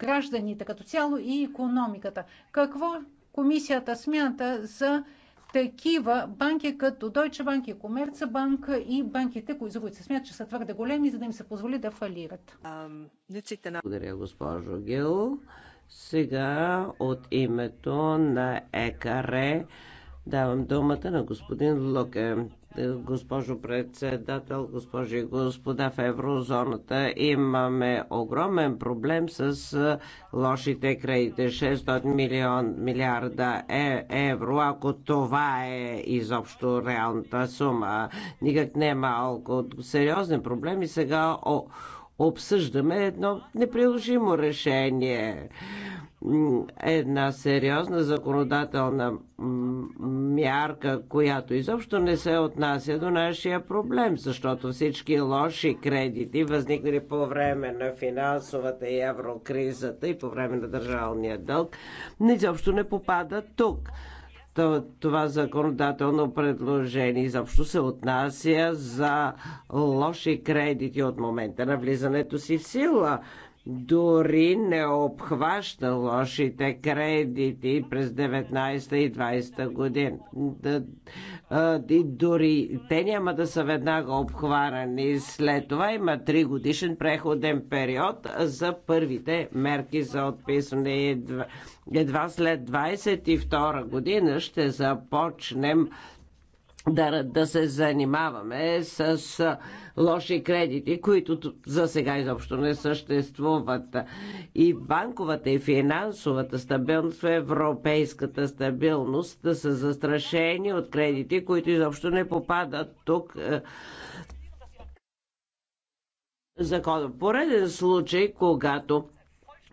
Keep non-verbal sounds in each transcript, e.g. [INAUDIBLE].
гражданите като цяло и економиката. Какво комисията смята за такива банки като Deutsche Bank и Commerzbank и банките, кои, за които се смятат, че са твърде големи, за да им се позволи да фалират. Благодаря, госпожо Гил. Сега от името на ЕКАРЕ давам думата на господин Луке госпожо председател, госпожи и господа в еврозоната. Имаме огромен проблем с лошите кредити. 600 милион, милиарда е, евро, ако това е изобщо реалната сума. Никак не е малко. Сериозни проблеми сега о, обсъждаме едно неприложимо решение. Една сериозна законодателна мярка, която изобщо не се отнася до нашия проблем, защото всички лоши кредити, възникнали по време на финансовата и еврокризата и по време на държавния дълг, изобщо не попадат тук това законодателно предложение изобщо се отнася за лоши кредити от момента на влизането си в сила дори не обхваща лошите кредити през 19 и 20 година. Дори те няма да са веднага обхванани. След това има 3 годишен преходен период за първите мерки за отписане. Едва след 22 година ще започнем да, да се занимаваме с лоши кредити, които за сега изобщо не съществуват. И банковата и финансовата стабилност, европейската стабилност да са застрашени от кредити, които изобщо не попадат тук закона. Пореден случай, когато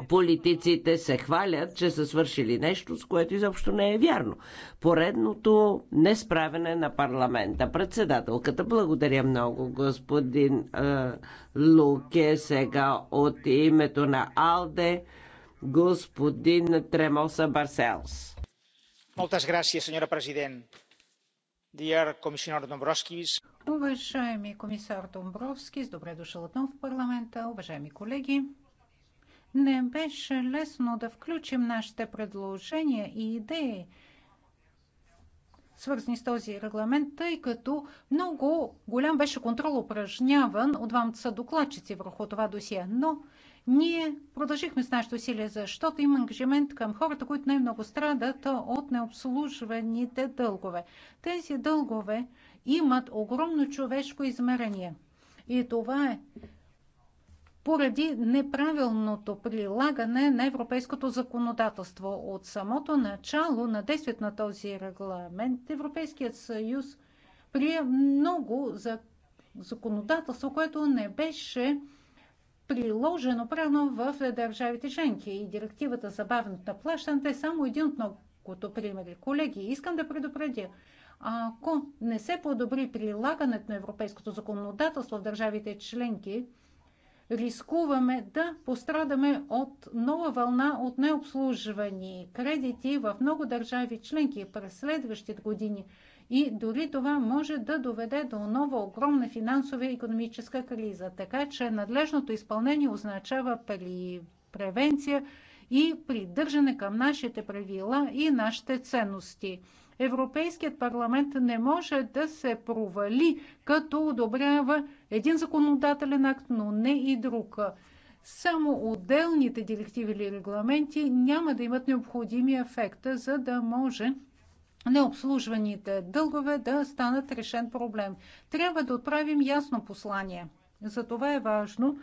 Политиците се хвалят, че са свършили нещо, с което изобщо не е вярно. Поредното несправене на парламента. Председателката, благодаря много, господин е, Луке. Сега от името на Алде, господин Тремоса Барселс. президент. Диар señora Домбровскис. Уважаеми комисар Домбровскис, добре дошъл отново в парламента. Уважаеми колеги, не беше лесно да включим нашите предложения и идеи, свързани с този регламент, тъй като много голям беше контрол упражняван от двамата докладчици върху това досие. Но ние продължихме с нашите усилия, защото има ангажимент към хората, които най-много страдат от необслужваните дългове. Тези дългове имат огромно човешко измерение. И това е поради неправилното прилагане на европейското законодателство. От самото начало на действието на този регламент Европейският съюз прие много за законодателство, което не беше приложено правилно в държавите членки. И директивата за бавното на е само един от многото примери. Колеги, искам да предупредя, ако не се подобри прилагането на европейското законодателство в държавите членки, рискуваме да пострадаме от нова вълна от необслужвани кредити в много държави членки през следващите години. И дори това може да доведе до нова огромна финансова и економическа криза. Така че надлежното изпълнение означава превенция и придържане към нашите правила и нашите ценности. Европейският парламент не може да се провали, като одобрява един законодателен акт, но не и друг. Само отделните директиви или регламенти няма да имат необходимия ефект, за да може необслужваните дългове да станат решен проблем. Трябва да отправим ясно послание. За това е важно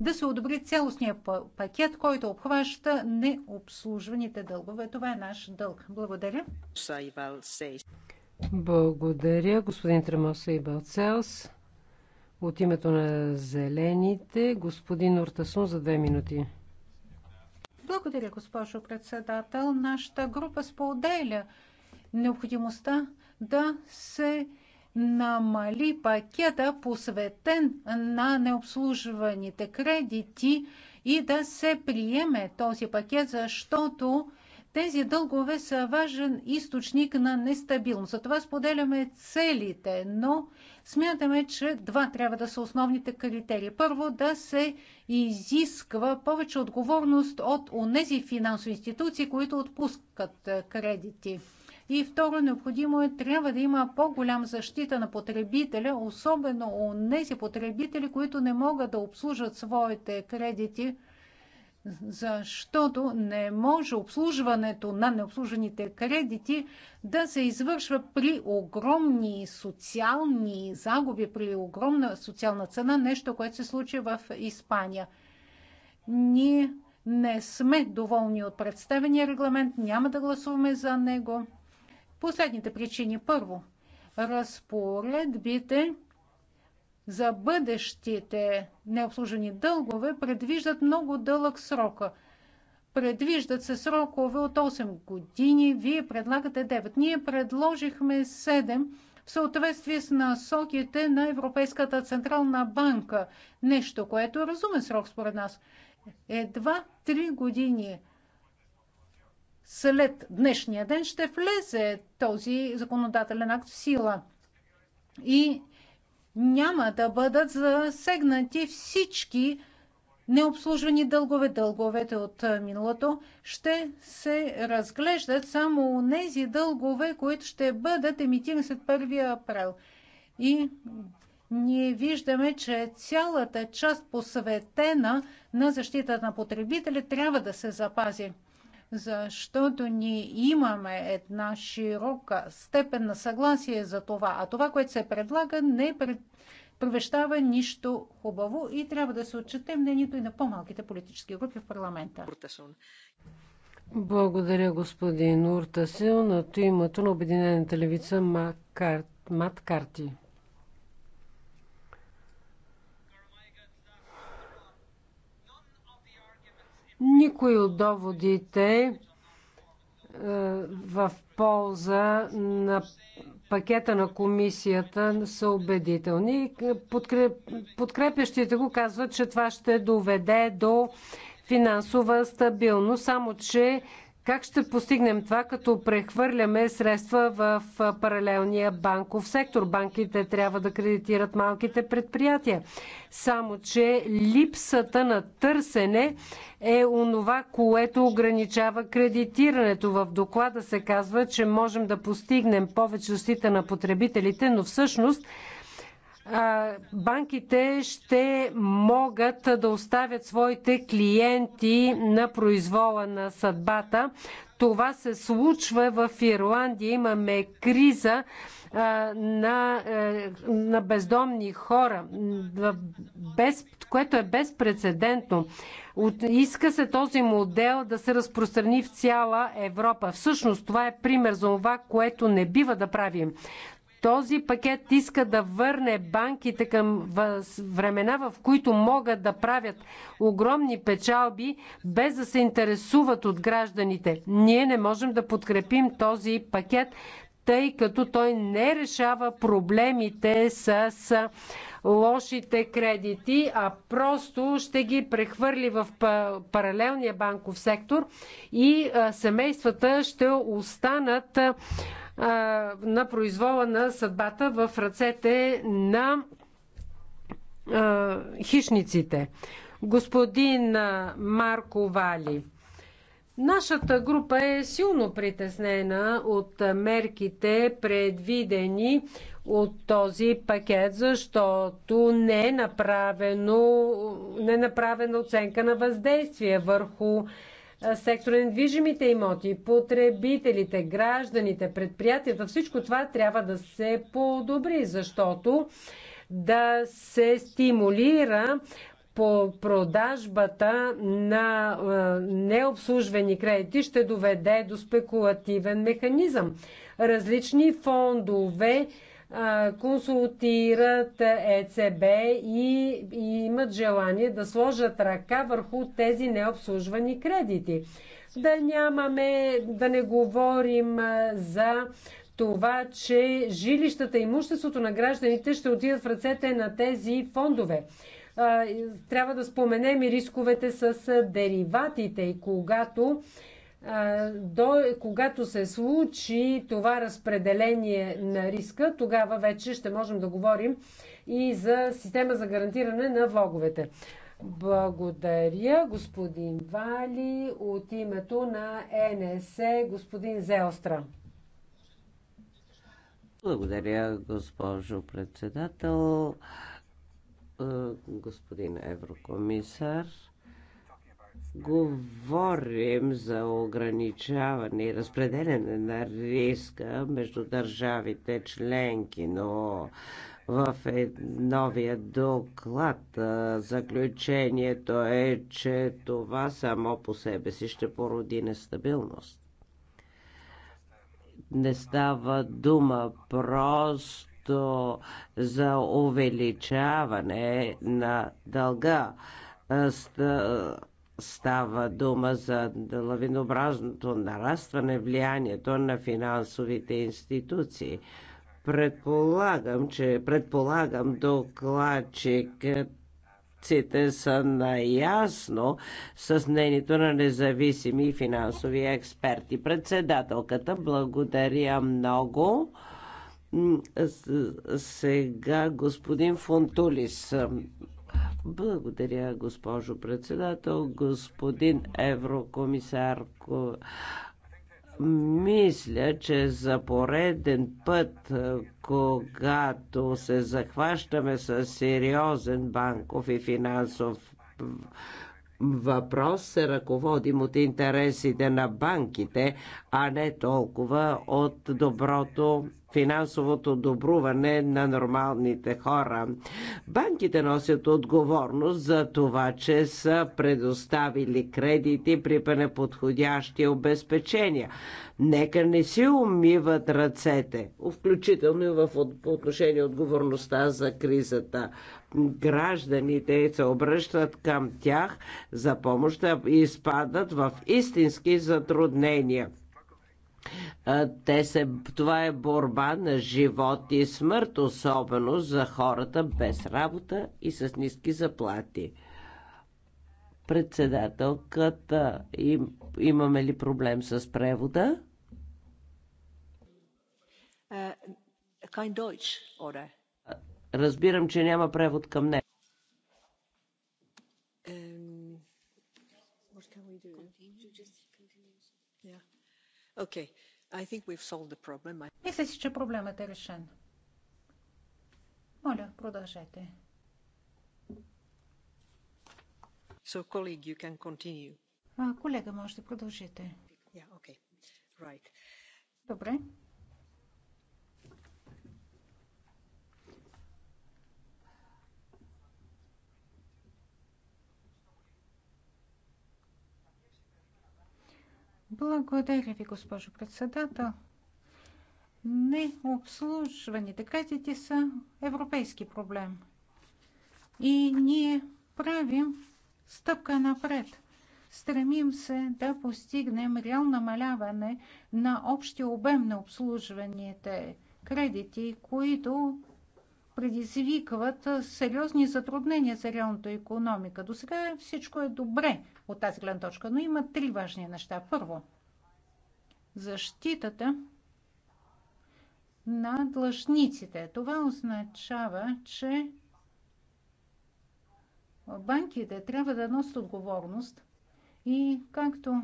да се одобри цялостния пакет, който обхваща необслужваните дългове. Това е наш дълг. Благодаря. Благодаря, господин Тремоса и Балцелс. От името на Зелените, господин Ортасун за две минути. Благодаря, госпожо председател. Нашата група споделя необходимостта да се намали пакета посветен на необслужваните кредити и да се приеме този пакет, защото тези дългове са важен източник на нестабилност. Затова споделяме целите, но смятаме, че два трябва да са основните критерии. Първо, да се изисква повече отговорност от онези финансови институции, които отпускат кредити. И второ, необходимо е, трябва да има по-голям защита на потребителя, особено у тези потребители, които не могат да обслужат своите кредити, защото не може обслужването на необслужените кредити да се извършва при огромни социални загуби, при огромна социална цена, нещо, което се случи в Испания. Ние не сме доволни от представения регламент, няма да гласуваме за него последните причини. Първо, разпоредбите за бъдещите необслужени дългове предвиждат много дълъг срок. Предвиждат се срокове от 8 години, вие предлагате 9. Ние предложихме 7 в съответствие с насоките на Европейската Централна банка. Нещо, което е разумен срок според нас. Едва 3 години след днешния ден ще влезе този законодателен акт в сила. И няма да бъдат засегнати всички необслужвани дългове, дълговете от миналото, ще се разглеждат само тези дългове, които ще бъдат емитирани след 1 април. И ние виждаме, че цялата част посветена на защитата на потребители трябва да се запази защото ние имаме една широка степен на съгласие за това, а това, което се предлага, не превещава нищо хубаво и трябва да се отчете мнението и на по-малките политически групи в парламента. Благодаря, господин Уртасил. На името на Обединената левица Мат Никой от доводите е, в полза на пакета на комисията са убедителни. Подкрепящите го казват, че това ще доведе до финансова стабилност, само че как ще постигнем това, като прехвърляме средства в паралелния банков сектор? Банките трябва да кредитират малките предприятия. Само, че липсата на търсене е онова, което ограничава кредитирането. В доклада се казва, че можем да постигнем повече защита на потребителите, но всъщност банките ще могат да оставят своите клиенти на произвола на съдбата. Това се случва в Ирландия. Имаме криза на, е, на бездомни хора, без, което е безпредседентно. Иска се този модел да се разпространи в цяла Европа. Всъщност това е пример за това, което не бива да правим. Този пакет иска да върне банките към времена, в които могат да правят огромни печалби, без да се интересуват от гражданите. Ние не можем да подкрепим този пакет, тъй като той не решава проблемите с лошите кредити, а просто ще ги прехвърли в паралелния банков сектор и семействата ще останат на произвола на съдбата в ръцете на хищниците. Господин Марко Вали. Нашата група е силно притеснена от мерките, предвидени от този пакет, защото не е, направено, не е направена оценка на въздействие върху сектора на недвижимите имоти, потребителите, гражданите, предприятията. Всичко това трябва да се подобри, защото да се стимулира по продажбата на необслужвени кредити ще доведе до спекулативен механизъм. Различни фондове консултират ЕЦБ и, и имат желание да сложат ръка върху тези необслужвани кредити. Да нямаме, да не говорим за това, че жилищата и имуществото на гражданите ще отидат в ръцете на тези фондове трябва да споменем и рисковете с дериватите и когато до, когато се случи това разпределение на риска, тогава вече ще можем да говорим и за система за гарантиране на влоговете. Благодаря, господин Вали, от името на НС, господин Зеостра. Благодаря, госпожо председател. Е, господин еврокомисар. Говорим за ограничаване и разпределяне на риска между държавите членки, но в е, новия доклад е, заключението е, че това само по себе си ще породи нестабилност. Не става дума просто както за увеличаване на дълга. Става дума за лавинообразното нарастване влиянието на финансовите институции. Предполагам, че предполагам докладчикът Ците са наясно с мнението на независими финансови експерти. Председателката, благодаря много. Сега господин Фонтулис. Благодаря, госпожо председател, господин еврокомисар. Мисля, че за пореден път, е, когато се захващаме с сериозен банков и финансов въпрос се ръководим от интересите на банките, а не толкова от доброто финансовото добруване на нормалните хора. Банките носят отговорност за това, че са предоставили кредити при неподходящи обезпечения. Нека не си умиват ръцете, включително и в отношение отговорността за кризата гражданите се обръщат към тях за помощ и изпадат в истински затруднения. Те се, това е борба на живот и смърт, особено за хората без работа и с ниски заплати. Председателката, им, имаме ли проблем с превода? Uh, е, kein е Deutsch, oder? Разбирам, че няма превод към него. Мисля си, че проблемът е решен. Моля, продължете. So, colleague, you can continue. А, колега, може да продължите. Yeah, okay. Right. Добре. Благодаря ви, госпожо председател. Необслужваните кредити са европейски проблем. И ние правим стъпка напред. Стремим се да постигнем реално намаляване на общия обем на обслужваните кредити, които предизвикват сериозни затруднения за реалната економика. До сега всичко е добре от тази гледна точка. Но има три важни неща. Първо, защитата на длъжниците. Това означава, че банките трябва да носят отговорност и както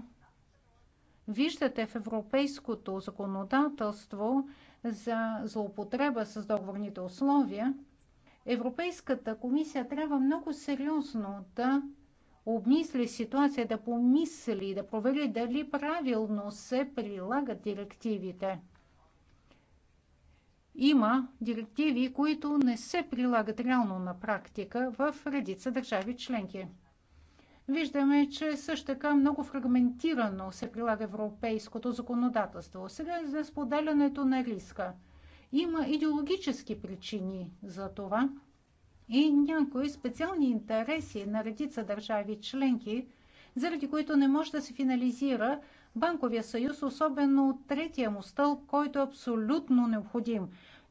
виждате в европейското законодателство за злоупотреба с договорните условия, Европейската комисия трябва много сериозно да обмисли ситуация, да помисли, да провери дали правилно се прилагат директивите. Има директиви, които не се прилагат реално на практика в редица държави членки. Виждаме, че също така много фрагментирано се прилага европейското законодателство. Сега за споделянето на риска. Има идеологически причини за това – и някои специални интереси на редица държави членки, заради които не може да се финализира банковия съюз, особено третия му стълб, който е абсолютно необходим,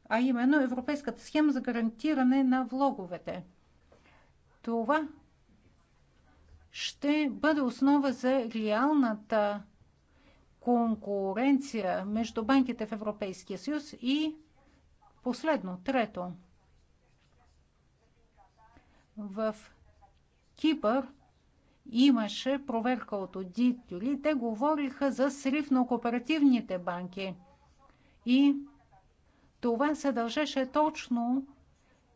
а именно Европейската схема за гарантиране на влоговете. Това ще бъде основа за реалната конкуренция между банките в Европейския съюз и последно, трето – в Кипър имаше проверка от аудитори. Те говориха за срив на кооперативните банки. И това се дължеше точно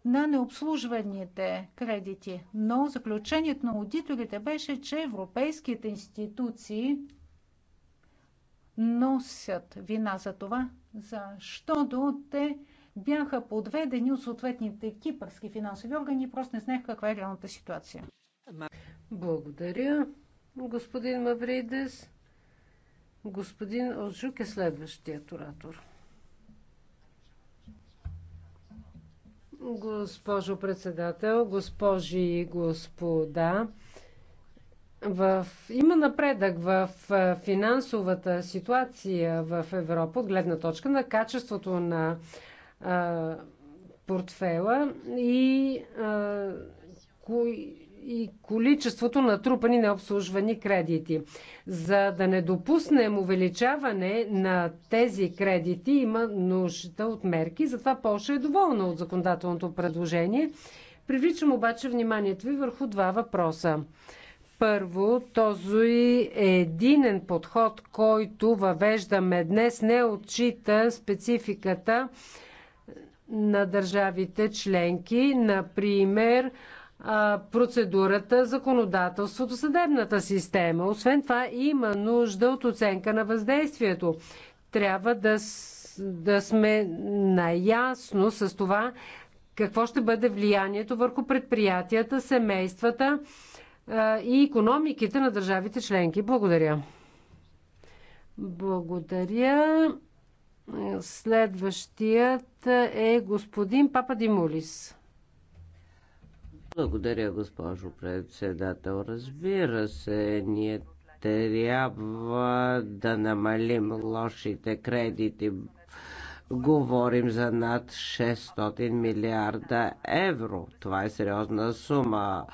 на необслужваните кредити. Но заключението на аудиторите беше, че европейските институции носят вина за това, защото те бяха подведени от съответните кипърски финансови органи и просто не знаех каква е реалната ситуация. Благодаря, господин Мавридес. Господин Ожук е следващият оратор. Госпожо председател, госпожи и господа, в, има напредък в финансовата ситуация в Европа от гледна точка на качеството на а, портфела и, а, ко, и количеството трупани необслужвани кредити. За да не допуснем увеличаване на тези кредити, има нужда от мерки. Затова Польша е доволна от законодателното предложение. Привличам обаче вниманието ви върху два въпроса. Първо, този единен подход, който въвеждаме днес, не отчита спецификата на държавите членки, например процедурата, законодателството, съдебната система. Освен това има нужда от оценка на въздействието. Трябва да, да сме наясно с това какво ще бъде влиянието върху предприятията, семействата и економиките на държавите членки. Благодаря. Благодаря. Следващият е господин Папа Димулис. Благодаря, госпожо председател. Разбира се, ние трябва да намалим лошите кредити. Говорим за над 600 милиарда евро. Това е сериозна сума,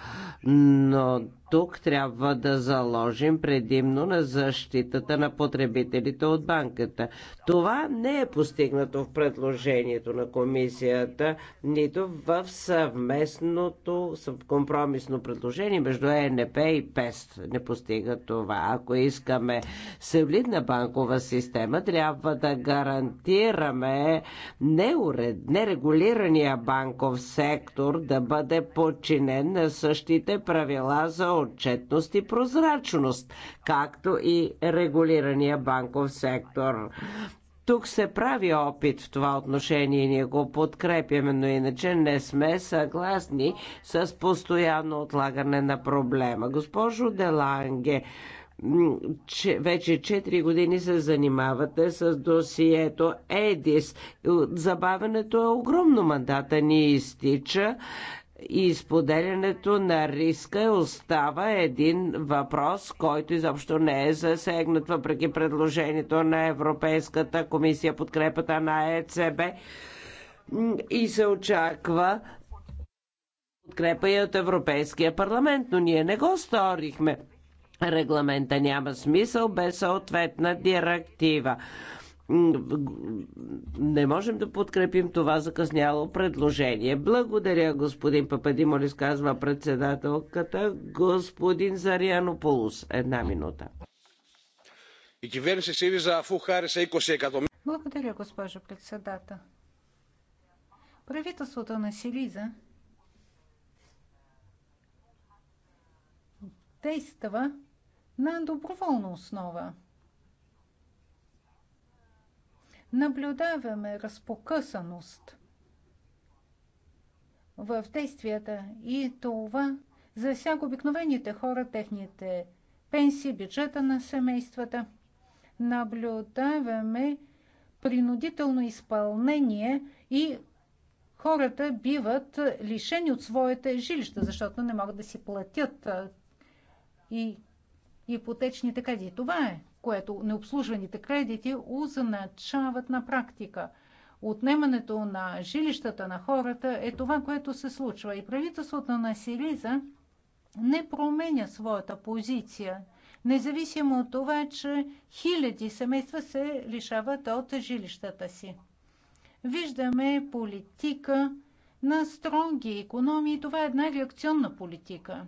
но тук трябва да заложим предимно на защитата на потребителите от банката. Това не е постигнато в предложението на комисията, нито в съвместното компромисно предложение между ЕНП и ПЕСТ. Не постига това. Ако искаме солидна банкова система, трябва да гарантираме неуред, нерегулирания банков сектор да бъде подчинен на същите правила за отчетност и прозрачност, както и регулирания банков сектор. Тук се прави опит в това отношение и ние го подкрепяме, но иначе не сме съгласни с постоянно отлагане на проблема. Госпожо Деланге, че вече 4 години се занимавате с досието ЕДИС. Забавенето е огромно. Мандата ни изтича и споделянето на риска остава един въпрос, който изобщо не е засегнат, въпреки предложението на Европейската комисия, подкрепата на ЕЦБ и се очаква подкрепа и от Европейския парламент, но ние не го сторихме. Регламента няма смисъл без съответна директива не можем да подкрепим това закъсняло предложение. Благодаря, господин Пападимолис, казва председателката, господин Зарианополус. Една минута. Η κυβέρνηση ΣΥΡΙΖΑ αφού χάρισε 20 εκατομμύρια. Благодаря, госпожо председател. Правителството на СИРИЗА действа на доброволна основа. наблюдаваме разпокъсаност в действията и това засяга обикновените хора, техните пенсии, бюджета на семействата. Наблюдаваме принудително изпълнение и хората биват лишени от своите жилища, защото не могат да си платят и ипотечните кредити. Това е което необслужваните кредити означават на практика. Отнемането на жилищата на хората е това, което се случва. И правителството на Сириза не променя своята позиция, независимо от това, че хиляди семейства се лишават от жилищата си. Виждаме политика на строги економии. Това е една реакционна политика.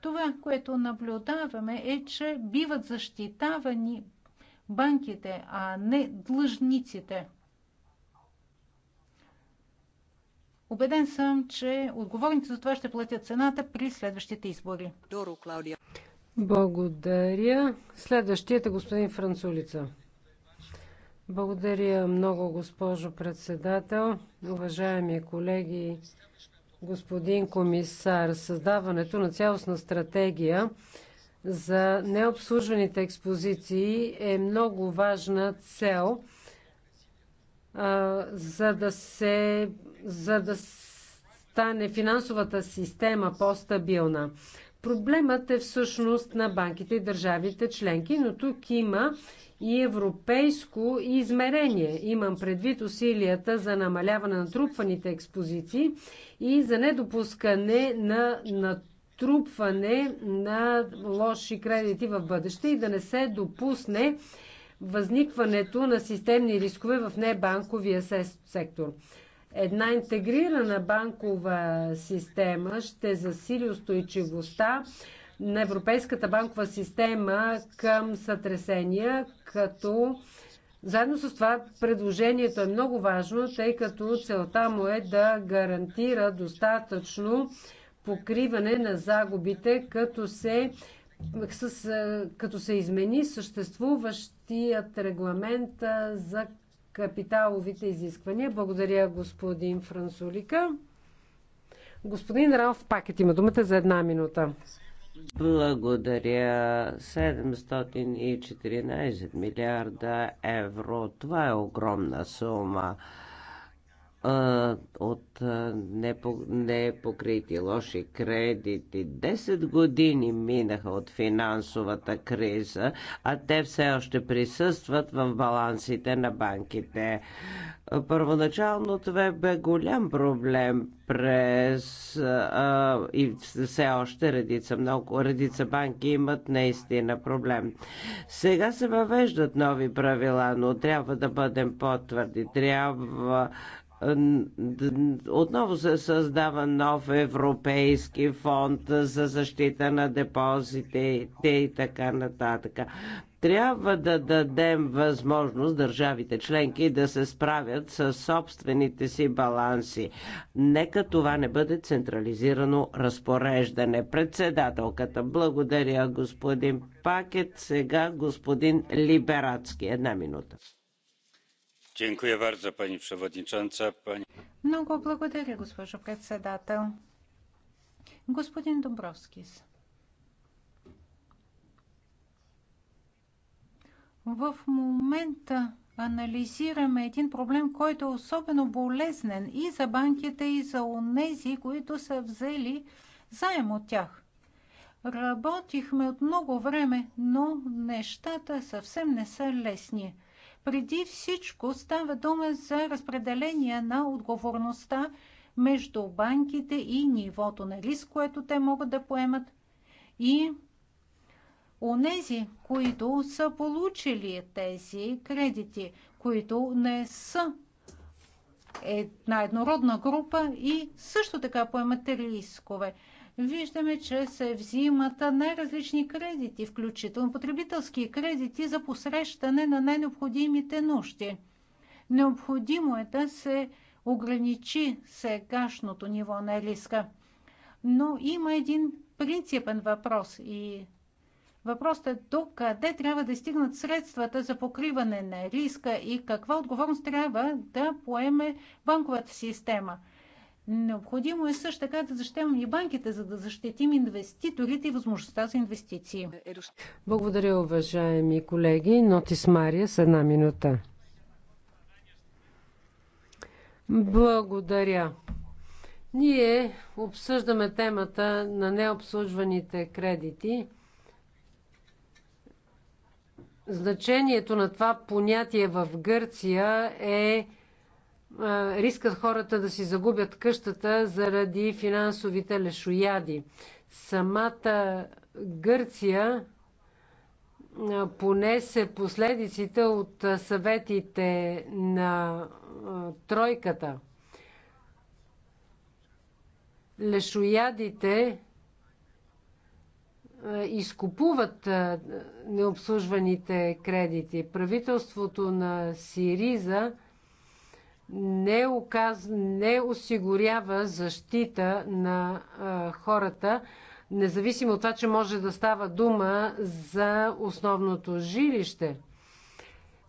Това, което наблюдаваме е, че биват защитавани банките, а не длъжниците. Обеден съм, че отговорните за това ще платят цената при следващите избори. Доро, Клаудия. Благодаря. Следващият е господин Францулица. Благодаря много, госпожо председател. Уважаеми колеги, господин комисар, създаването на цялостна стратегия за необслужваните експозиции е много важна цел, а, за да се за да стане финансовата система по-стабилна. Проблемът е всъщност на банките и държавите членки, но тук има и европейско измерение. Имам предвид усилията за намаляване на трупваните експозиции и за недопускане на, натрупване на лоши кредити в бъдеще и да не се допусне възникването на системни рискове в небанковия сектор. Една интегрирана банкова система ще засили устойчивостта на Европейската банкова система към сътресения, като заедно с това предложението е много важно, тъй като целта му е да гарантира достатъчно покриване на загубите, като се, с, като се измени съществуващият регламент за капиталовите изисквания. Благодаря господин Франсулика. Господин Ралф Пакет има думата за една минута. Благодаря. 714 милиарда евро. Това е огромна сума от непокрити лоши кредити. 10 години минаха от финансовата криза, а те все още присъстват в балансите на банките. Първоначално това бе голям проблем през а, и все още редица, много, редица банки имат наистина проблем. Сега се въвеждат нови правила, но трябва да бъдем по-твърди. Трябва отново се създава нов европейски фонд за защита на депозите и така нататък. Трябва да дадем възможност държавите членки да се справят с собствените си баланси. Нека това не бъде централизирано разпореждане. Председателката, благодаря господин Пакет, сега господин Либерацки. Една минута. Много благодаря, госпожо председател. Господин Добровскис, в момента анализираме един проблем, който е особено болезнен и за банките, и за онези, които са взели заем от тях. Работихме от много време, но нещата съвсем не са лесни – преди всичко става дума за разпределение на отговорността между банките и нивото на риск, което те могат да поемат и онези, които са получили тези кредити, които не са една еднородна група и също така поемат рискове виждаме, че се взимат най-различни кредити, включително потребителски кредити за посрещане на най-необходимите нужди. Необходимо е да се ограничи сегашното ниво на риска. Но има един принципен въпрос и Въпросът е до къде трябва да стигнат средствата за покриване на риска и каква отговорност трябва да поеме банковата система – Необходимо е също така да защитим и банките, за да защитим инвеститорите и възможността за инвестиции. Благодаря, уважаеми колеги. Нотис Мария с една минута. Благодаря. Ние обсъждаме темата на необслужваните кредити. Значението на това понятие в Гърция е рискът хората да си загубят къщата заради финансовите лешояди. Самата Гърция понесе последиците от съветите на тройката. Лешоядите изкупуват необслужваните кредити. Правителството на Сириза – не, оказ, не осигурява защита на а, хората, независимо от това, че може да става дума за основното жилище.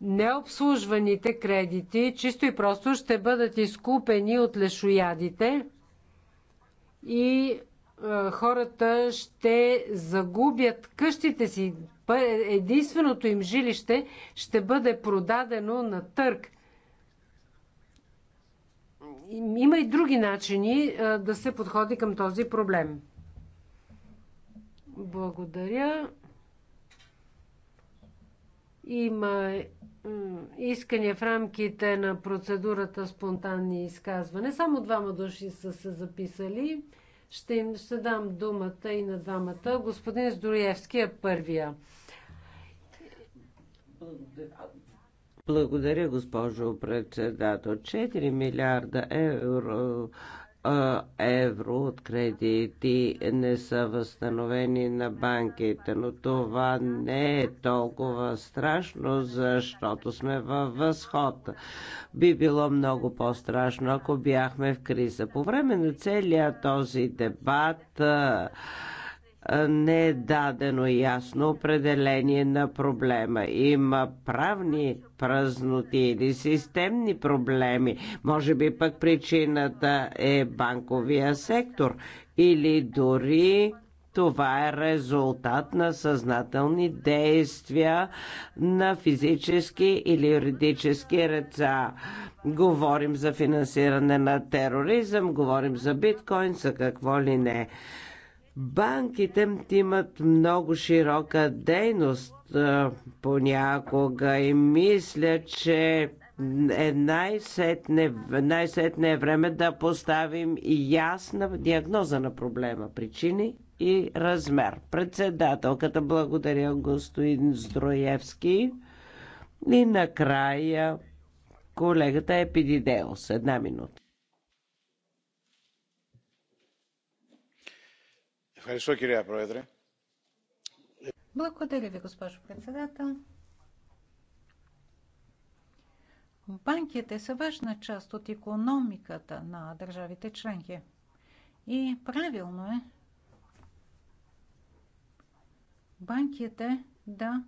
Необслужваните кредити чисто и просто ще бъдат изкупени от лешоядите и а, хората ще загубят къщите си. Единственото им жилище ще бъде продадено на търг има и други начини да се подходи към този проблем. Благодаря. Има искания в рамките на процедурата спонтанни изказване. Само двама души са се записали. Ще им ще дам думата и на двамата. Господин Здориевски е първия. Благодаря, госпожо председател. 4 милиарда евро евро от кредити не са възстановени на банките, но това не е толкова страшно, защото сме във възход. Би било много по-страшно, ако бяхме в криза. По време на целия този дебат не е дадено ясно определение на проблема. Има правни празноти или системни проблеми. Може би пък причината е банковия сектор или дори това е резултат на съзнателни действия на физически или юридически реца. Говорим за финансиране на тероризъм, говорим за биткоин, за какво ли не. Банките имат много широка дейност понякога и мисля, че е най-сетне, най-сетне е време да поставим ясна диагноза на проблема, причини и размер. Председателката благодаря господин Здроевски и накрая колегата Епидидеос. Една минута. Благодаря ви, госпожо председател. Банките са важна част от економиката на държавите членки. И правилно е банките да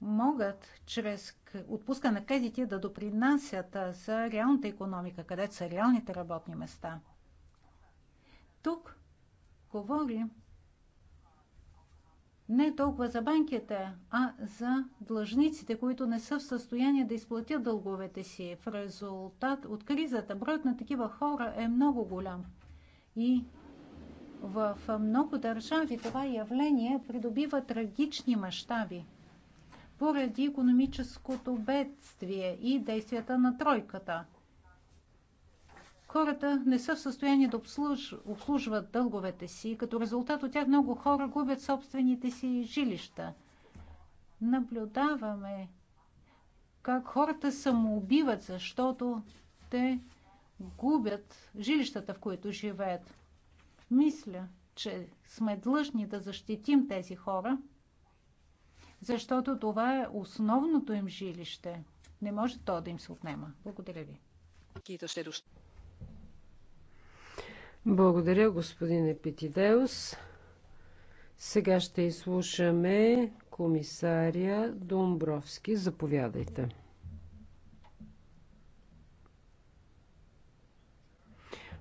могат чрез отпускане на кредити да допринасят за реалната економика, където са реалните работни места – тук говорим не толкова за банките, а за длъжниците, които не са в състояние да изплатят дълговете си. В резултат от кризата броят на такива хора е много голям. И в много държави това явление придобива трагични мащаби поради економическото бедствие и действията на тройката – хората не са в състояние да обслуж... обслужват дълговете си. Като резултат от тях много хора губят собствените си жилища. Наблюдаваме как хората самоубиват, защото те губят жилищата, в които живеят. Мисля, че сме длъжни да защитим тези хора, защото това е основното им жилище. Не може то да им се отнема. Благодаря ви. Благодаря, господин Епитидеус. Сега ще изслушаме комисаря Домбровски. Заповядайте.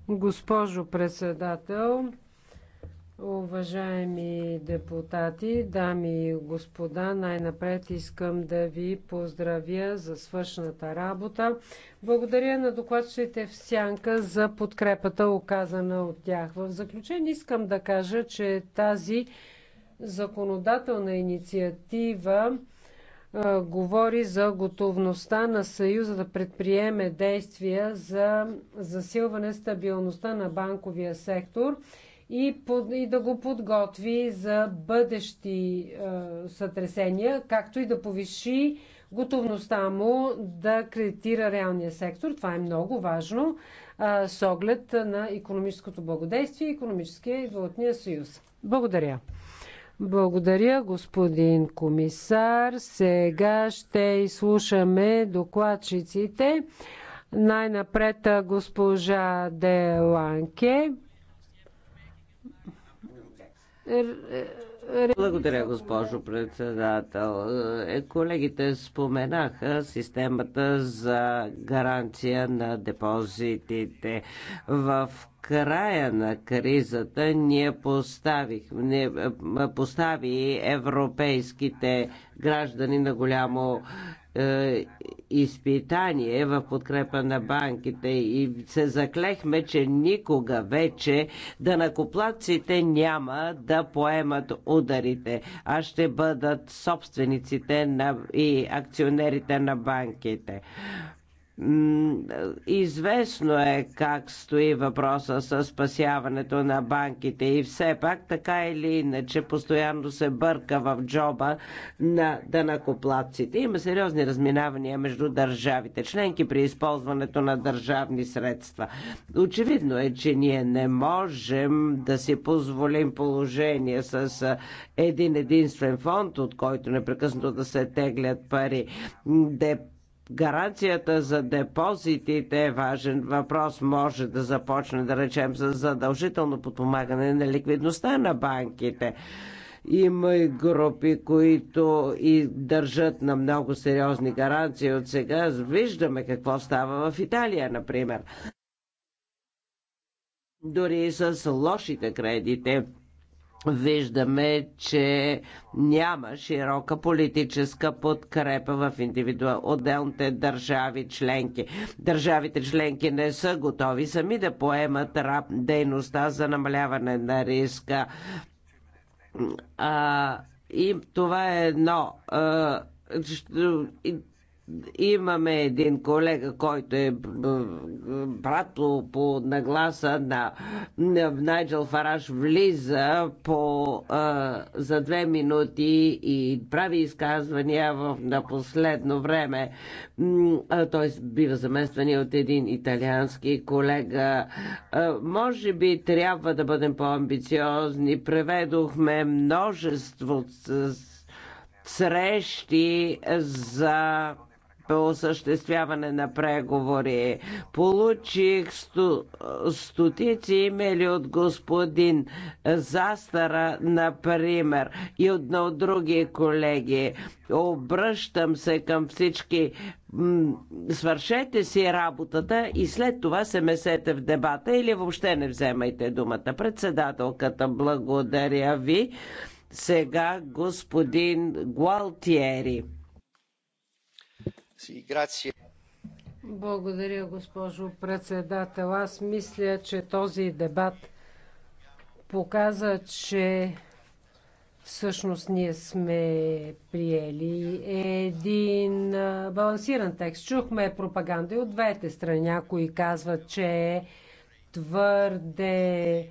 Госпожо председател, Уважаеми депутати, дами и господа, най-напред искам да ви поздравя за свършната работа. Благодаря на докладчите в Сянка за подкрепата, оказана от тях. В заключение искам да кажа, че тази законодателна инициатива говори за готовността на Съюза да предприеме действия за засилване стабилността на банковия сектор и, под, и да го подготви за бъдещи е, сътресения, както и да повиши готовността му да кредитира реалния сектор. Това е много важно е, с оглед на економическото благодействие и економическия и валутния съюз. Благодаря. Благодаря, господин комисар. Сега ще изслушаме докладчиците. Най-напред е, госпожа Деланке. Благодаря, госпожо председател. Е, колегите споменаха системата за гаранция на депозитите, в края на кризата ние поставих, не, постави европейските граждани на голямо е, изпитание в подкрепа на банките и се заклехме, че никога вече накоплаците няма да поемат ударите, а ще бъдат собствениците на, и акционерите на банките. Известно е как стои въпроса с спасяването на банките и все пак така или иначе постоянно се бърка в джоба на данакоплатците. Има сериозни разминавания между държавите членки при използването на държавни средства. Очевидно е, че ние не можем да си позволим положение с един единствен фонд, от който непрекъснато да се теглят пари. Деп Гаранцията за депозитите е важен въпрос. Може да започне, да речем, с задължително подпомагане на ликвидността на банките. Има и групи, които и държат на много сериозни гаранции от сега. Виждаме какво става в Италия, например. Дори и с лошите кредити виждаме, че няма широка политическа подкрепа в индивидуал отделните държави членки. Държавите членки не са готови сами да поемат дейността за намаляване на риска. А, и това е едно. А, имаме един колега, който е, е брат по, нагласа на, на Найджел Фараш влиза по, а, е, за две минути и прави изказвания в, на последно време. Той бива замествани от един италиански колега. А, е, може би трябва да бъдем по-амбициозни. Преведохме множество с срещи за по осъществяване на преговори. Получих сто, стотици имели от господин Застара, например, и от, от други колеги. Обръщам се към всички. Свършете си работата и след това се месете в дебата или въобще не вземайте думата. Председателката, благодаря ви. Сега господин Гуалтиери. Благодаря, госпожо председател. Аз мисля, че този дебат показа, че всъщност ние сме приели един балансиран текст. Чухме пропаганда и от двете страни. Някои казват, че е твърде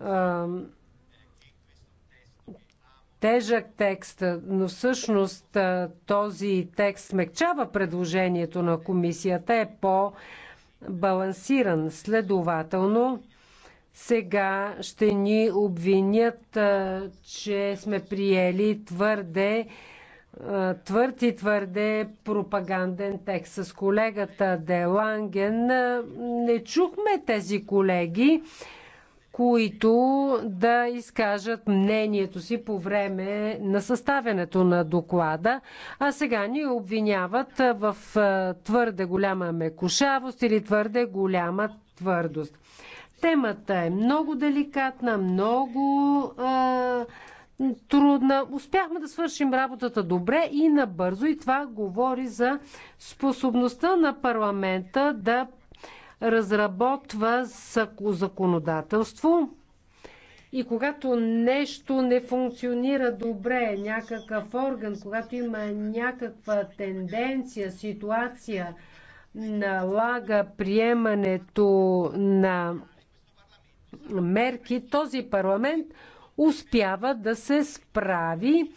ам, тежък текст, но всъщност този текст смекчава предложението на комисията, е по-балансиран. Следователно, сега ще ни обвинят, че сме приели твърде твърд и твърде пропаганден текст. С колегата Деланген не чухме тези колеги които да изкажат мнението си по време на съставянето на доклада, а сега ни обвиняват в твърде голяма мекушавост или твърде голяма твърдост. Темата е много деликатна, много е, трудна. Успяхме да свършим работата добре и набързо и това говори за способността на парламента да разработва законодателство и когато нещо не функционира добре, някакъв орган, когато има някаква тенденция, ситуация, налага приемането на мерки, този парламент успява да се справи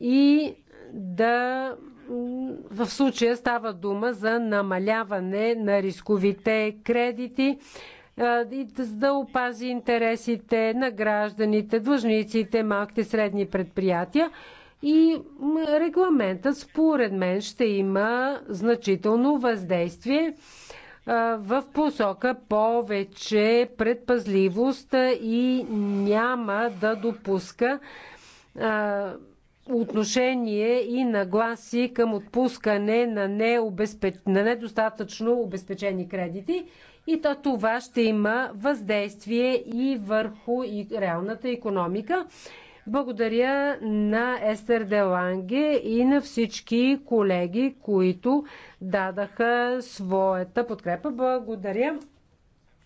и да в случая става дума за намаляване на рисковите кредити и да опази интересите на гражданите, длъжниците, малките и средни предприятия. И регламентът, според мен, ще има значително въздействие в посока повече предпазливост и няма да допуска отношение и нагласи към отпускане на, необезпеч... на недостатъчно обезпечени кредити и то това ще има въздействие и върху и реалната економика. Благодаря на Естер Деланге и на всички колеги, които дадаха своята подкрепа. Благодаря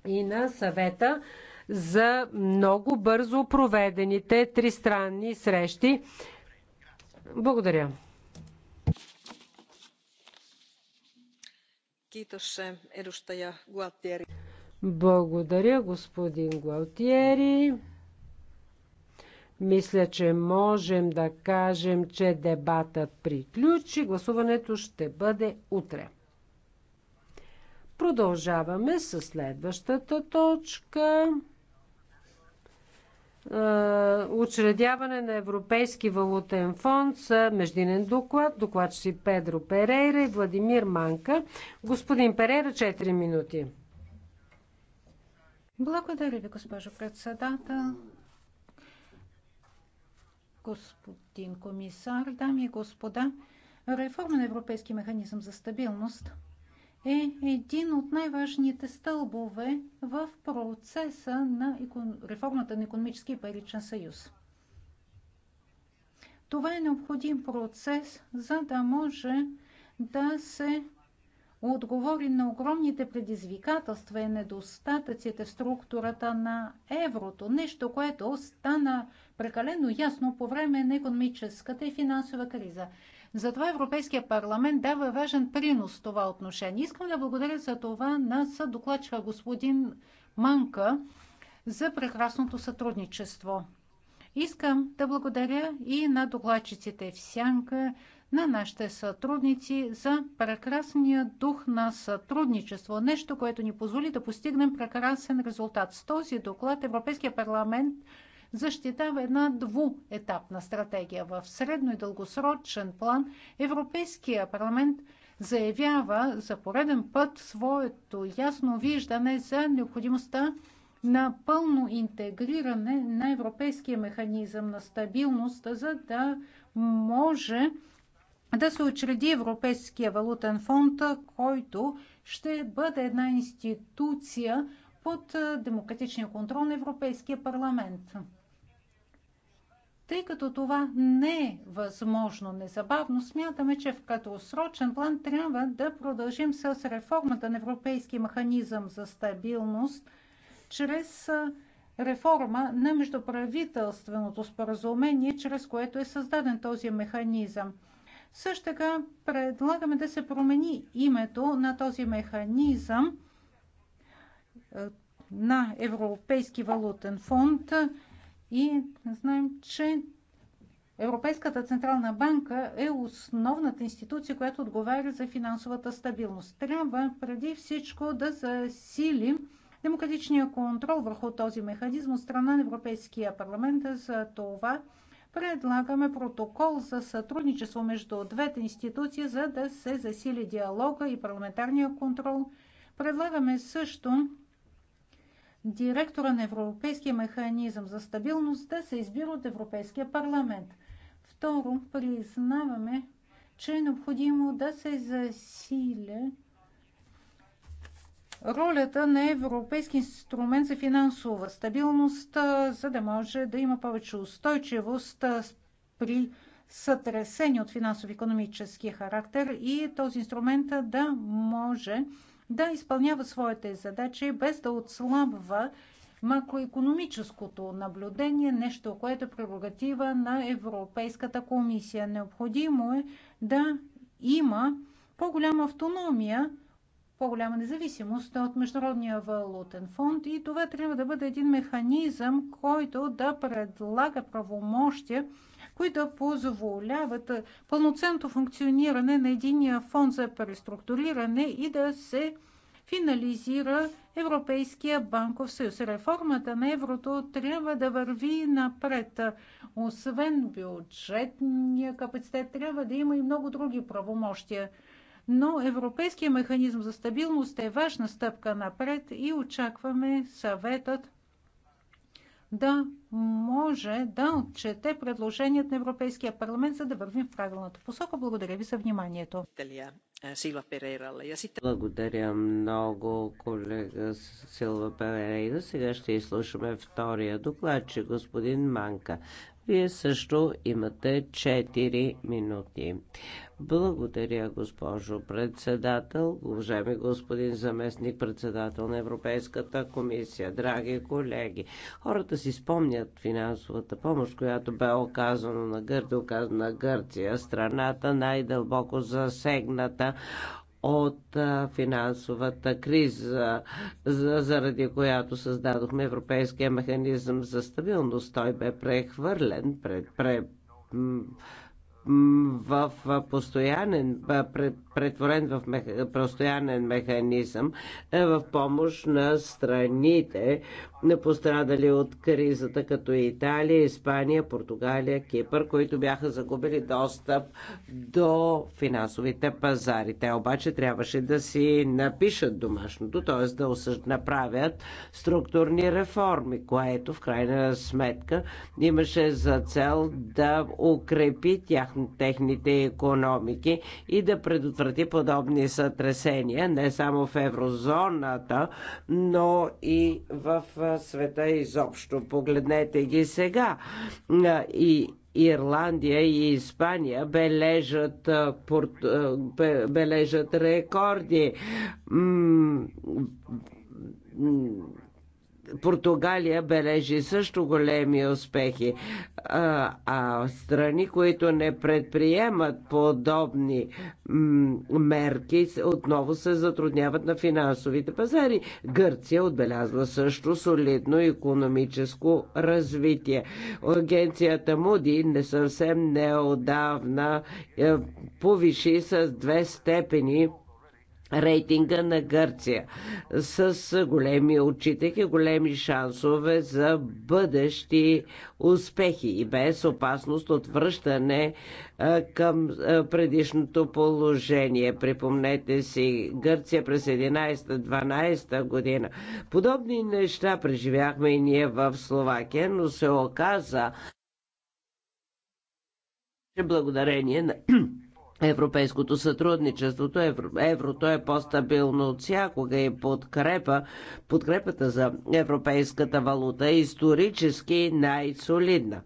и на съвета за много бързо проведените тристранни срещи. Благодаря. Благодаря, господин Гуалтиери. Мисля, че можем да кажем, че дебатът приключи. Гласуването ще бъде утре. Продължаваме с следващата точка. Е, учредяване на Европейски валутен фонд с междинен доклад, си Педро Перейра и Владимир Манка. Господин Перейра, 4 минути. Благодаря ви, госпожо председател. Господин комисар, дами и господа, реформа на Европейски механизъм за стабилност – е един от най-важните стълбове в процеса на реформата на економически и паричен съюз. Това е необходим процес, за да може да се отговори на огромните предизвикателства и недостатъците в структурата на еврото. Нещо, което стана прекалено ясно по време на економическата и финансова криза. Затова Европейския парламент дава важен принос в това отношение. Искам да благодаря за това на съдокладчика господин Манка за прекрасното сътрудничество. Искам да благодаря и на докладчиците в Сянка, на нашите сътрудници за прекрасния дух на сътрудничество. Нещо, което ни позволи да постигнем прекрасен резултат. С този доклад Европейския парламент защитава една двуетапна стратегия. В средно и дългосрочен план Европейския парламент заявява за пореден път своето ясно виждане за необходимостта на пълно интегриране на европейския механизъм на стабилност, за да може да се учреди Европейския валутен фонд, който ще бъде една институция, под демократичния контрол на Европейския парламент. Тъй като това не е възможно незабавно, смятаме, че в краткосрочен план трябва да продължим с реформата на Европейския механизъм за стабилност чрез реформа на междуправителственото споразумение, чрез което е създаден този механизъм. Също така предлагаме да се промени името на този механизъм на Европейски валутен фонд и знаем, че Европейската централна банка е основната институция, която отговаря за финансовата стабилност. Трябва преди всичко да засили демократичния контрол върху този механизъм от страна на Европейския парламент. За това предлагаме протокол за сътрудничество между двете институции, за да се засили диалога и парламентарния контрол. Предлагаме също директора на Европейския механизъм за стабилност да се избира от Европейския парламент. Второ, признаваме, че е необходимо да се засиля ролята на Европейски инструмент за финансова стабилност, за да може да има повече устойчивост при сътресени от финансово-економически характер и този инструмент да може да изпълнява своите задачи, без да отслабва макроекономическото наблюдение, нещо, което е прерогатива на Европейската комисия. Необходимо е да има по-голяма автономия, по-голяма независимост от Международния валутен фонд и това трябва да бъде един механизъм, който да предлага правомощия които позволяват пълноценното функциониране на единия фонд за преструктуриране и да се финализира Европейския банков съюз. Реформата на еврото трябва да върви напред. Освен бюджетния капацитет, трябва да има и много други правомощия. Но Европейския механизъм за стабилност е важна стъпка напред и очакваме съветът да може да отчете предложението на Европейския парламент, за да вървим в правилната посока. Благодаря ви за вниманието. Е, Благодаря много, колега Силва Перейра. Сега ще изслушаме втория доклад, че господин Манка. Вие също имате 4 минути. Благодаря, госпожо председател, уважаеми господин заместник председател на Европейската комисия, драги колеги. Хората си спомнят финансовата помощ, която бе оказана на, Гър... оказана на Гърция, страната най-дълбоко засегната от финансовата криза, заради която създадохме Европейския механизъм за стабилност. Той бе прехвърлен пред, пред в постоянен претворен в постоянен механизъм е в помощ на страните, на пострадали от кризата, като Италия, Испания, Португалия, Кипър, които бяха загубили достъп до финансовите пазари. Те обаче трябваше да си напишат домашното, т.е. да осъж... направят структурни реформи, което в крайна сметка имаше за цел да укрепи тях... техните економики и да предотвратят предотврати подобни сътресения не само в еврозоната, но и в света изобщо. Погледнете ги сега. И Ирландия и Испания бележат, бележат рекорди Португалия бележи също големи успехи, а, а страни, които не предприемат подобни мерки, отново се затрудняват на финансовите пазари. Гърция отбелязва също солидно економическо развитие. Агенцията Муди не съвсем неодавна е, повиши с две степени рейтинга на Гърция с големи и големи шансове за бъдещи успехи и без опасност от връщане е, към е, предишното положение. Припомнете си Гърция през 11-12 година. Подобни неща преживяхме и ние в Словакия, но се оказа, че благодарение на [CLEARS THROAT] Европейското сътрудничеството, евро, еврото е по-стабилно от всякога и подкрепа, подкрепата за европейската валута е исторически най-солидна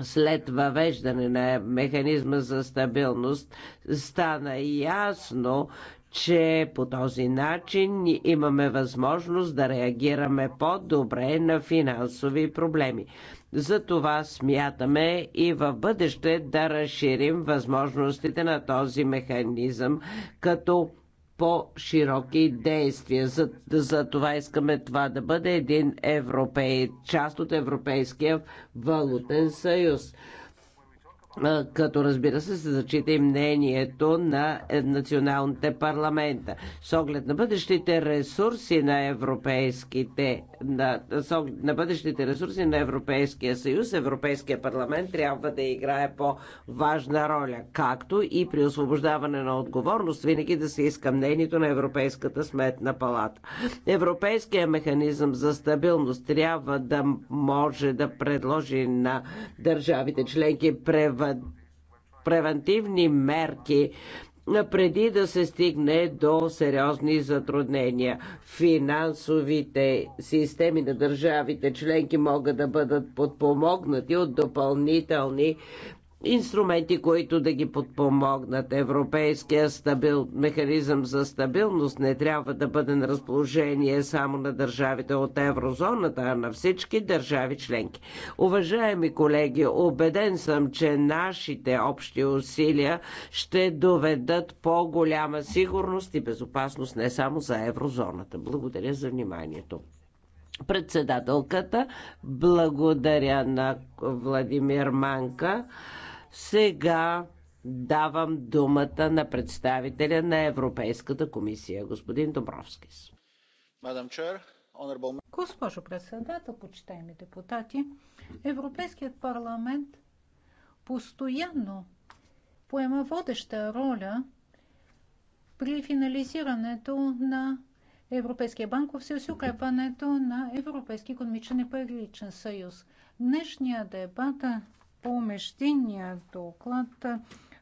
след въвеждане на механизма за стабилност стана ясно, че по този начин имаме възможност да реагираме по-добре на финансови проблеми. Затова смятаме и в бъдеще да разширим възможностите на този механизъм, като по-широки действия. За, за това искаме това да бъде един европей, част от Европейския валутен съюз като разбира се се зачита и мнението на е, националните парламента. С оглед на бъдещите ресурси на европейските на, с оглед на бъдещите ресурси на Европейския съюз, Европейския парламент трябва да играе по-важна роля, както и при освобождаване на отговорност винаги да се иска мнението на Европейската сметна палата. Европейския механизъм за стабилност трябва да може да предложи на държавите членки превъзможност превентивни мерки преди да се стигне до сериозни затруднения. Финансовите системи на държавите членки могат да бъдат подпомогнати от допълнителни инструменти, които да ги подпомогнат. Европейския стабил, механизъм за стабилност не трябва да бъде на разположение само на държавите от еврозоната, а на всички държави членки. Уважаеми колеги, убеден съм, че нашите общи усилия ще доведат по-голяма сигурност и безопасност не само за еврозоната. Благодаря за вниманието председателката. Благодаря на Владимир Манка. Сега давам думата на представителя на Европейската комисия, господин Добровскис. Госпожо председател, почитаеми депутати, Европейският парламент постоянно поема водеща роля при финализирането на Европейския банков съюз и укрепването на Европейски економичен и паричен съюз. Днешния дебат Помещения доклад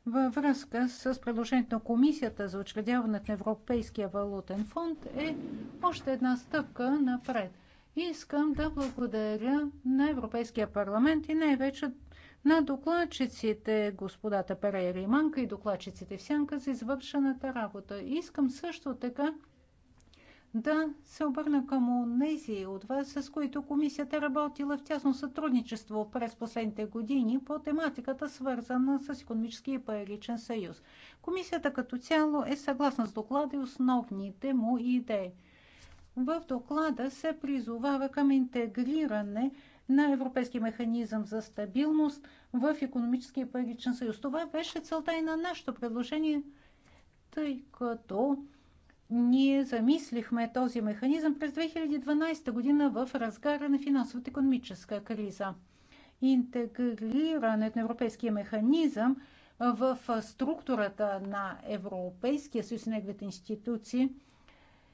във връзка с предложението на Комисията за учредяването на Европейския валутен фонд е още една стъпка напред. Искам да благодаря на Европейския парламент и най-вече на докладчиците, господата Перейра и Манка и докладчиците в Сянка за извършената работа. Искам също така да се обърна към онези от вас, с които комисията е работила в тясно сътрудничество през последните години по тематиката, свързана с економическия и паричен съюз. Комисията като цяло е съгласна с доклада и основните му идеи. В доклада се призовава към интегриране на Европейски механизъм за стабилност в економическия и паричен съюз. Това беше целта и на нашето предложение, тъй като ние замислихме този механизъм през 2012 година в разгара на финансовата економическа криза. Интегрирането на европейския механизъм в структурата на Европейския съюз и неговите институции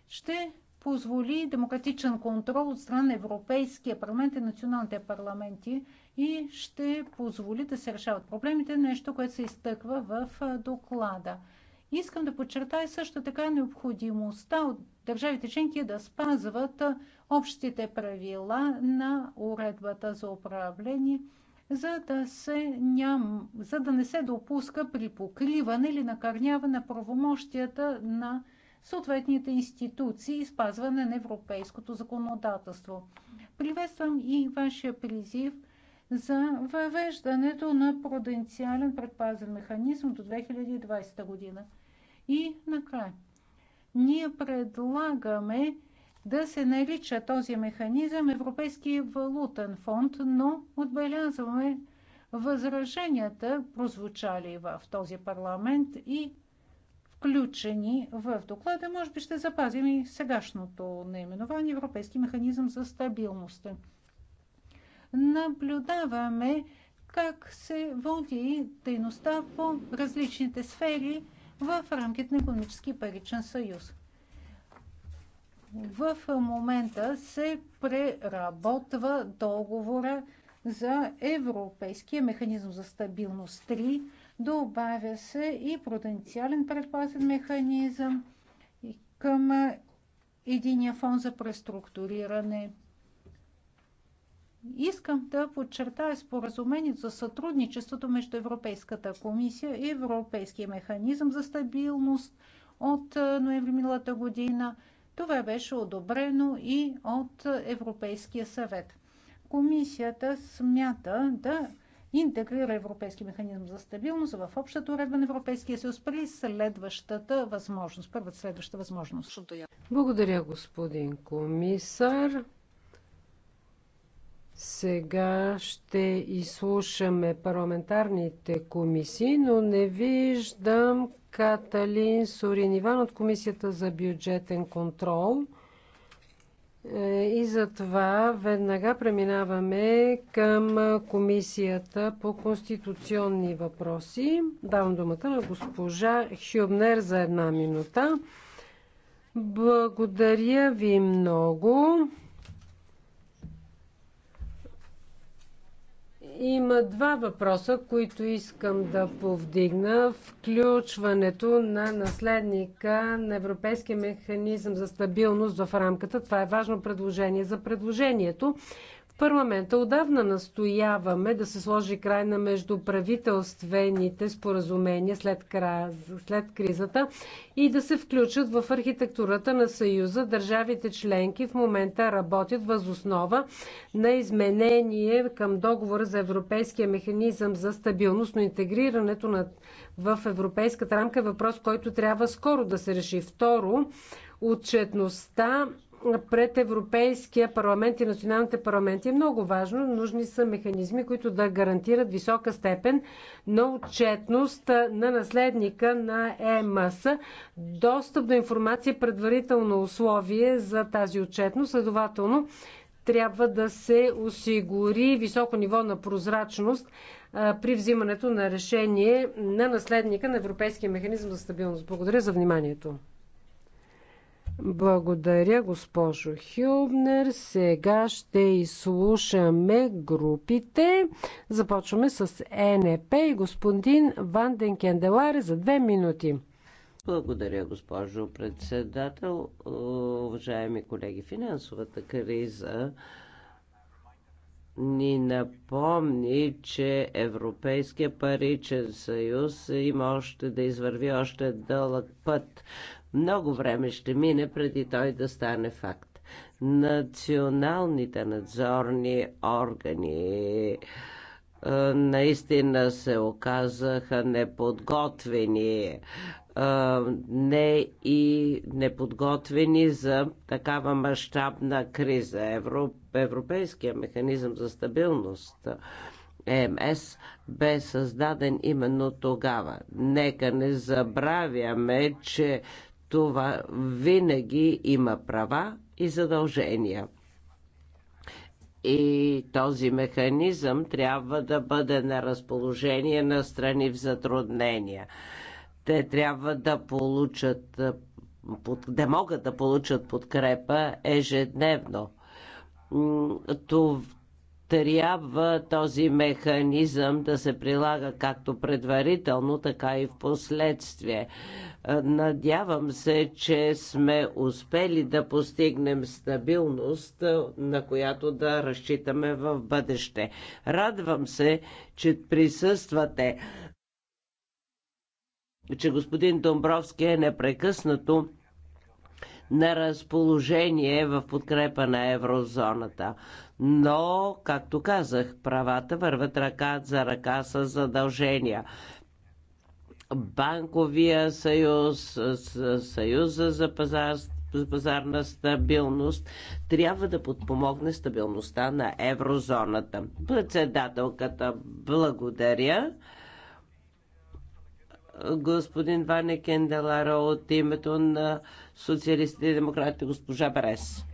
ще позволи демократичен контрол от страна на Европейския парламент и националните парламенти и ще позволи да се решават проблемите, нещо, което се изтъква в доклада. Искам да подчертая също така необходимостта от държавите членки да спазват общите правила на уредбата за управление, за да, се ням, за да не се допуска при покриване или накърняване на правомощията на съответните институции и спазване на европейското законодателство. Приветствам и вашия призив за въвеждането на пруденциален предпазен механизъм до 2020 година. И накрая, ние предлагаме да се нарича този механизъм Европейски валутен фонд, но отбелязваме възраженията, прозвучали в този парламент и включени в доклада. Може би ще запазим и сегашното наименование Европейски механизъм за стабилност наблюдаваме как се води дейността по различните сфери в рамките на економически паричен съюз. В момента се преработва договора за Европейския механизъм за стабилност 3. Добавя се и потенциален предпазен механизъм към единия фонд за преструктуриране – Искам да подчертая споразумението за сътрудничеството между Европейската комисия и Европейския механизъм за стабилност от е, ноември миналата година. Това беше одобрено и от Европейския съвет. Комисията смята да интегрира Европейски механизъм за стабилност в общата уредба на Европейския съюз при следващата възможност. Първата следваща възможност. Благодаря, господин комисар. Сега ще изслушаме парламентарните комисии, но не виждам Каталин Сорин Иван от Комисията за бюджетен контрол. Е, и затова веднага преминаваме към Комисията по конституционни въпроси. Давам думата на госпожа Хюбнер за една минута. Благодаря ви много. Има два въпроса, които искам да повдигна. Включването на наследника на Европейския механизъм за стабилност в рамката. Това е важно предложение за предложението парламента отдавна настояваме да се сложи край на междуправителствените споразумения след, края, след кризата и да се включат в архитектурата на Съюза. Държавите членки в момента работят възоснова на изменение към договора за Европейския механизъм за стабилност, но интегрирането на, в Европейската рамка е въпрос, който трябва скоро да се реши. Второ, отчетността пред Европейския парламент и националните парламенти е много важно. Нужни са механизми, които да гарантират висока степен на отчетност на наследника на ЕМС. Достъп до информация е предварително условие за тази отчетност. Следователно, трябва да се осигури високо ниво на прозрачност при взимането на решение на наследника на Европейския механизъм за стабилност. Благодаря за вниманието. Благодаря, госпожо Хюбнер. Сега ще изслушаме групите. Започваме с НП и господин Ванден Кенделаре за две минути. Благодаря, госпожо председател. Уважаеми колеги, финансовата криза ни напомни, че Европейския паричен съюз има още да извърви още дълъг път много време ще мине преди той да стане факт. Националните надзорни органи е, наистина се оказаха неподготвени е, не и неподготвени за такава мащабна криза. Евро, европейския механизъм за стабилност ЕМС бе създаден именно тогава. Нека не забравяме, че това винаги има права и задължения. И този механизъм трябва да бъде на разположение на страни в затруднения. Те трябва да получат, да могат да получат подкрепа ежедневно трябва този механизъм да се прилага както предварително, така и в последствие. Е, надявам се, че сме успели да постигнем стабилност, е, на която да разчитаме в бъдеще. Радвам се, че присъствате, че господин Домбровски е непрекъснато на разположение в подкрепа на еврозоната. Но, както казах, правата върват ръка за ръка с задължения. Банковия съюз, съюза за пазар, за пазарна стабилност трябва да подпомогне стабилността на еврозоната. Председателката благодаря. Господин Ване Кенделаро от името на социалистите и демократите, госпожа Брес.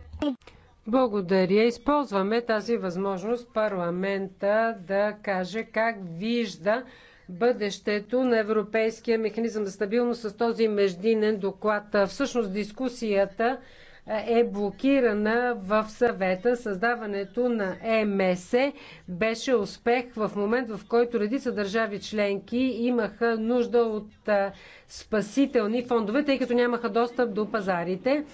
Благодаря. Използваме тази възможност парламента да каже как вижда бъдещето на Европейския механизъм за стабилност с този междинен доклад. Всъщност дискусията е блокирана в съвета. Създаването на ЕМС беше успех в момент, в който редица държави членки имаха нужда от спасителни фондове, тъй като нямаха достъп до пазарите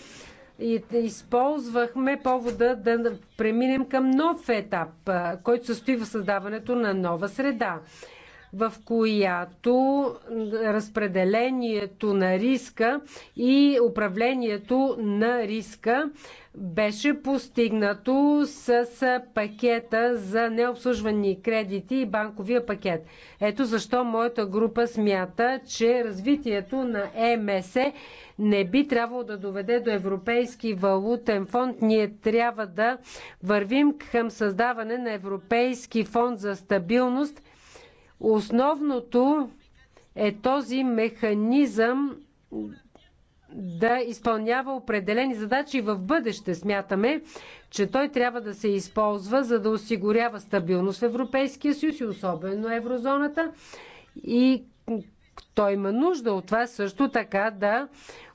и използвахме повода да преминем към нов етап, който състои в създаването на нова среда, в която разпределението на риска и управлението на риска беше постигнато с пакета за необслужвани кредити и банковия пакет. Ето защо моята група смята, че развитието на ЕМС не би трябвало да доведе до Европейски валутен фонд. Ние трябва да вървим към създаване на Европейски фонд за стабилност. Основното е този механизъм да изпълнява определени задачи в бъдеще. Смятаме, че той трябва да се използва, за да осигурява стабилност в Европейския съюз и особено еврозоната и той има нужда от това също така да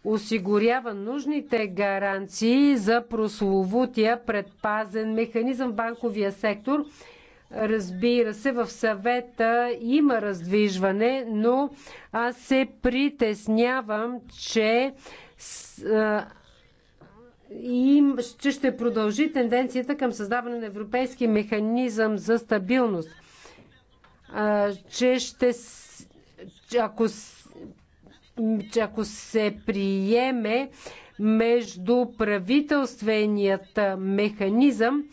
осигурява нужните гаранции за прословутия предпазен механизъм в банковия сектор. Разбира се, в съвета има раздвижване, но аз се притеснявам, че им, че ще продължи тенденцията към създаване на европейски механизъм за стабилност, че ще че ако, че ако се приеме между правителственият механизъм,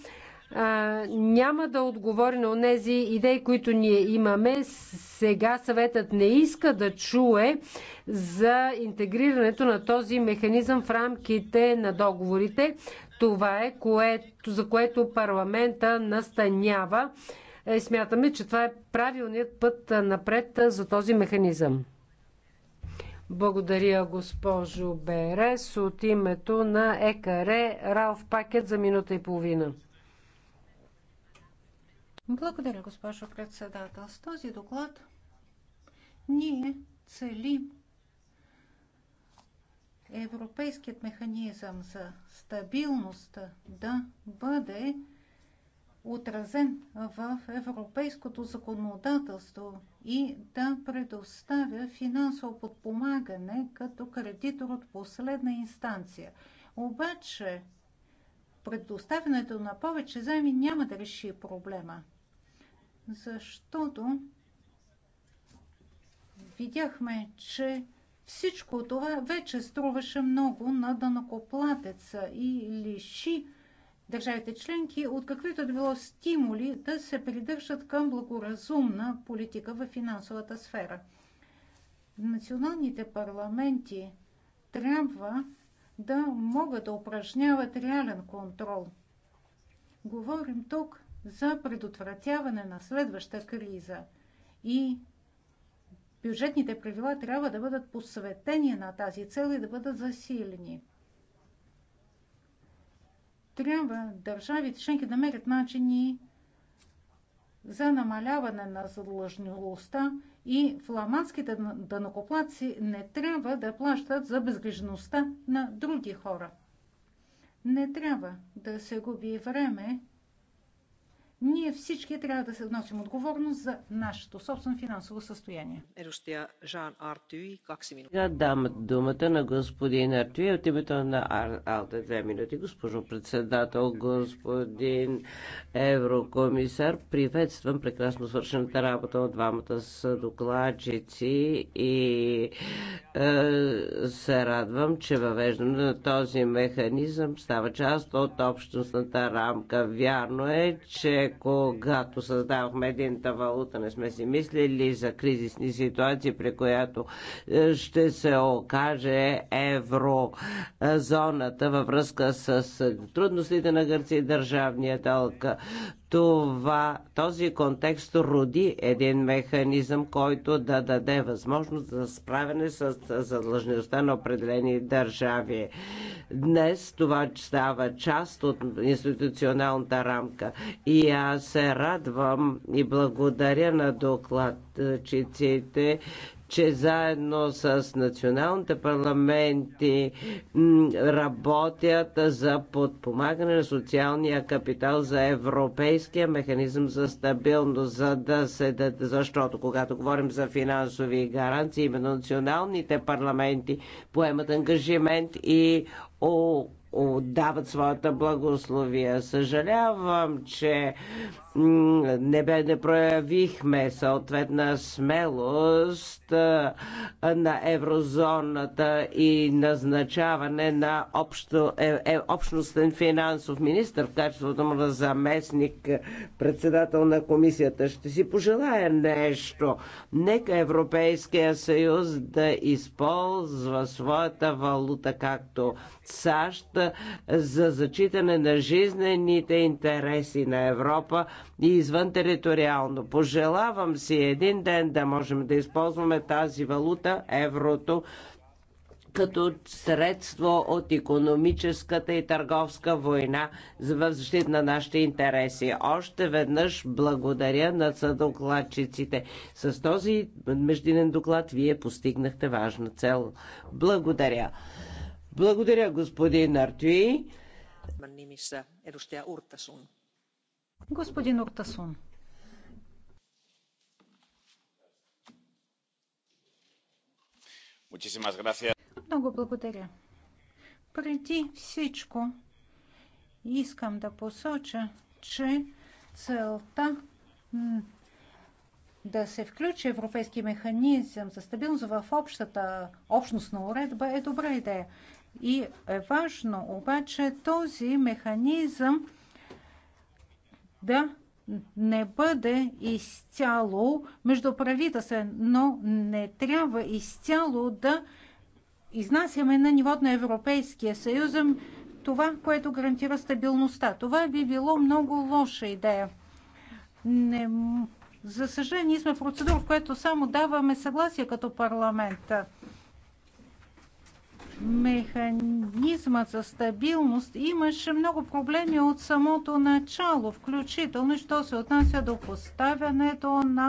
а, няма да отговори на тези идеи, които ние имаме. Сега съветът не иска да чуе за интегрирането на този механизъм в рамките на договорите. Това е което, за което парламента настанява и е, смятаме, че това е правилният път напред за този механизъм. Благодаря, госпожо Берес. От името на ЕКАРЕ Ралф Пакет за минута и половина. Благодаря, госпожо председател. С този доклад ние целим европейският механизъм за стабилност да бъде отразен в европейското законодателство и да предоставя финансово подпомагане като кредитор от последна инстанция. Обаче предоставянето на повече заеми няма да реши проблема, защото видяхме, че всичко това вече струваше много на дънакоплатеца и лиши държавите членки от каквито да е било стимули да се придържат към благоразумна политика в финансовата сфера. Националните парламенти трябва да могат да упражняват реален контрол. Говорим тук за предотвратяване на следваща криза и бюджетните правила трябва да бъдат посветени на тази цел и да бъдат засилени. Трябва държавите членки да мерят начини за намаляване на задлъжнилостта и фламандските данокоплаци не трябва да плащат за безгрижността на други хора. Не трябва да се губи време ние всички трябва да се носим отговорност за нашето собствено финансово състояние. Да, дам думата на господин Артюи от името на Алде. Две минути. Госпожо председател, господин еврокомисар, приветствам прекрасно свършената работа от двамата с докладчици и е, се радвам, че въвеждане на този механизъм става част от общностната рамка. Вярно е, че когато създавахме единта валута, не сме си мислили за кризисни ситуации, при която е, ще се окаже еврозоната е, във връзка с е, трудностите на Гърция и държавния дълг това, този контекст роди един механизъм, който да даде възможност за справяне с задлъжността на определени държави. Днес това става част от институционалната рамка и аз се радвам и благодаря на докладчиците, че заедно с националните парламенти работят за подпомагане на социалния капитал за европейския механизъм за стабилност, за да се даде, защото когато говорим за финансови гаранции, именно националните парламенти поемат ангажимент и дават своята благословия. Съжалявам, че не, бе, не проявихме съответна смелост на еврозоната и назначаване на общо, е, е, общностен финансов министр в качеството му на заместник председател на комисията. Ще си пожелая нещо. Нека Европейския съюз да използва своята валута както САЩ за зачитане на жизнените интереси на Европа, и извън териториално. Пожелавам си един ден да можем да използваме тази валута, еврото, като средство от економическата и търговска война за защита на нашите интереси. Още веднъж благодаря на съдокладчиците. С този междинен доклад вие постигнахте важна цел. Благодаря. Благодаря, господин Артюи. Nimissä edustaja Господин Октасун. Много благодаря. Преди всичко искам да посоча, че целта да се включи европейски механизъм за стабилност в общата общностна уредба е добра идея. И е важно обаче този механизъм да не бъде изцяло между междуправителствен, но не трябва изцяло да изнасяме на нивото на Европейския съюз това, което гарантира стабилността. Това би било много лоша идея. Не... За съжаление, ние сме в процедура, в която само даваме съгласие като парламент. Механизма за стабилност имаше много проблеми от самото начало, включително що се отнася до поставянето на